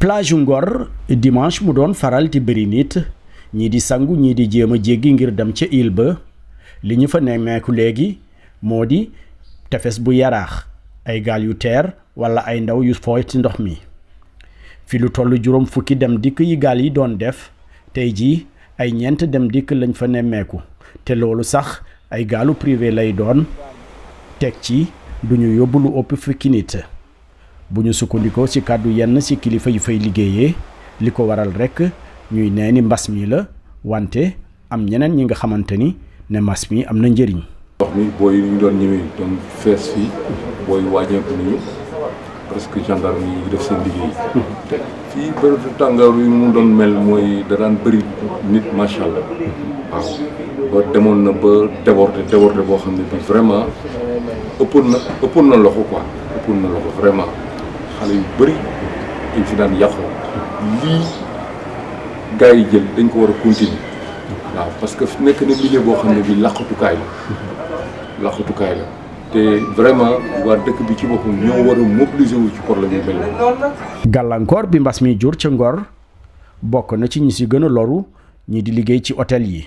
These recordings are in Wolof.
plage Ngor dimanche mu doon faral di bari nit ñii di sangu ñii di jéem a jéggi ngir dem ca île ba li ñu fa nemmeeku léegi moo di tefes bu yaraax ay gaal yu teer wala ay ndaw yu fooy ci ndox mi fi lu toll juróom fukki dem dikk yi gaal yi doon def tey jii ay ñeent dem dikk lañ fa nemmeeku te loolu sax ay gaalu privé lay doon teg ci duñu yóbbu lu ëpp fukki nit bu ñu sukkandikoo ci kàddu yenn ci kilifa yu fay liggéeyee li ko waral ñuy nee ni mbas mi la wante am ñeneen ñi nga xamante ni ne mbas mi am na njëriñ. ndox mi booy ñu doon ñëwee doon fees fii booy wàññeeku gendarme yi def seen liggéey. fii bërëb yi mu doon mel mooy da daan bëri nit macha allah. waaw ba demoon na ba déborder déborder boo xam ne bi vraiment ëppoon na ëppoon na loxo quoi ëppoon na loxo vraiment. xale yu bëri dañ fi daan yàqu lii gars yi jël dañ ko war a continuer waaw parce que fi nekk na milieu boo xam ne bi làqatukaay la làqatukaay la te vraiment waa dëkk bi ci boppam ñoo war a mobiliser wu ci problème yu mel ni gàllankoor bi mbas mi jur ca Ngor bokk na ci ñi si gën a loru ñi di liggéey ci hôtel yi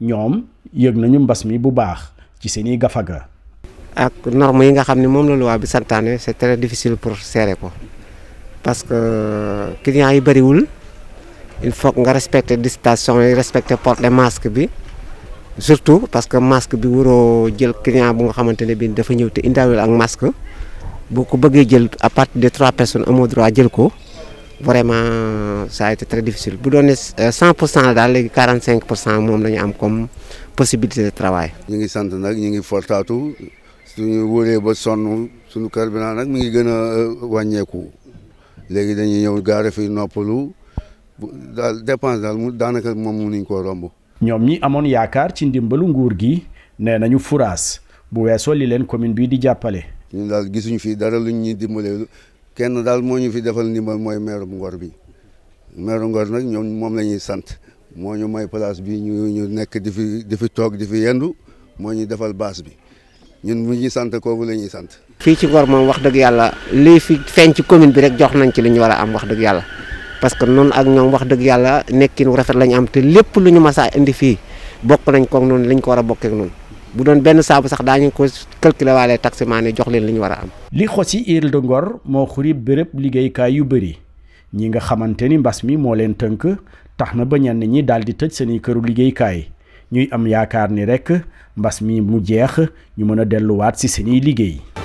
ñoom yëg nañu mbas mi bu baax ci seeni gafaga ak norme yi nga xam ne moom la loi bi santaane c'est très difficile pour serrer ko parce que euh, clients yi bëriwul il faut nga respecter distanciation yi respecter port de masque bi surtout parce que masque bi wuroo jël client bu nga xamante ne bi dafa ñëw te indaawul ak masque boo ko bëggee jël à partir de trois personnes amoo droit jël ko vraiment ça a été très difficile bu doon ne euh, pour cent la daal léegi 45 pour cent moom la ñu am comme possibilité de travail. ñu ngi sant nag ñu ngi fortaatu suñu wóoree ba sonn suñu carburant nag mi ngi gën a euh, wàññeeku léegi dañuy ñëw gaare fi noppalu daal dépense daal mu daanaka moom mënuñ ko romb. ñoom ñi amoon yaakaar ci dimbalu nguur gi nee nañu fouraas bu weesoo li leen commune bi di jàppale. ñu daal gisuñu fii dara luñ ñu dimbalee kenn daal moo ñu fi defal ndimbal mooy meeru Ngor bi meeru Ngor nag ñoom moom la ñuy sant moo ñu may place bi ñu ñu nekk di fi toog di fi yendu moo ñu defal baas bi ñun mu ñu sant kooku la ñuy sant. fii ci Ngor moom wax dëgg yàlla lii fi feeñ ci commune bi rek jox nañ ci li ñu war a am wax dëgg yàlla parce que noonu ak ñoom wax dëgg yàlla nekkin rafet la ñu am te lépp lu ñu mas a indi fii bokk nañ kook noonu li ñu ko war a bokkeek noonu. bu doon benn saabu sax daañu ko calculer waale taximaan yi jox leen li ñu war a am. li xosi Île de Ngor moo xuri béréb liggéeykaay yu bëri ñi nga xamante ni mbas mi moo leen tënk tax na ba ñenn ñi daal di tëj seeni këru liggéeykaay ñuy am yaakaar ni rekk mbas mi mu jeex ñu mën a delluwaat ci seeni liggéey.